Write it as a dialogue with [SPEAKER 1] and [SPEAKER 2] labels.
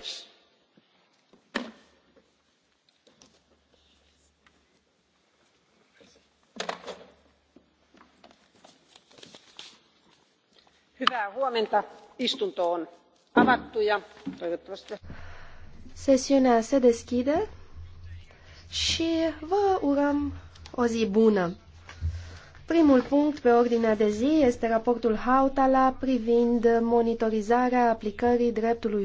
[SPEAKER 1] ales
[SPEAKER 2] hyvää huomenta istunto on avattu ja toivottavasti
[SPEAKER 3] Sesiunea se deschide și vă urăm o zi bună. Primul punct pe ordinea de zi este raportul Hautala privind monitorizarea
[SPEAKER 4] aplicării dreptului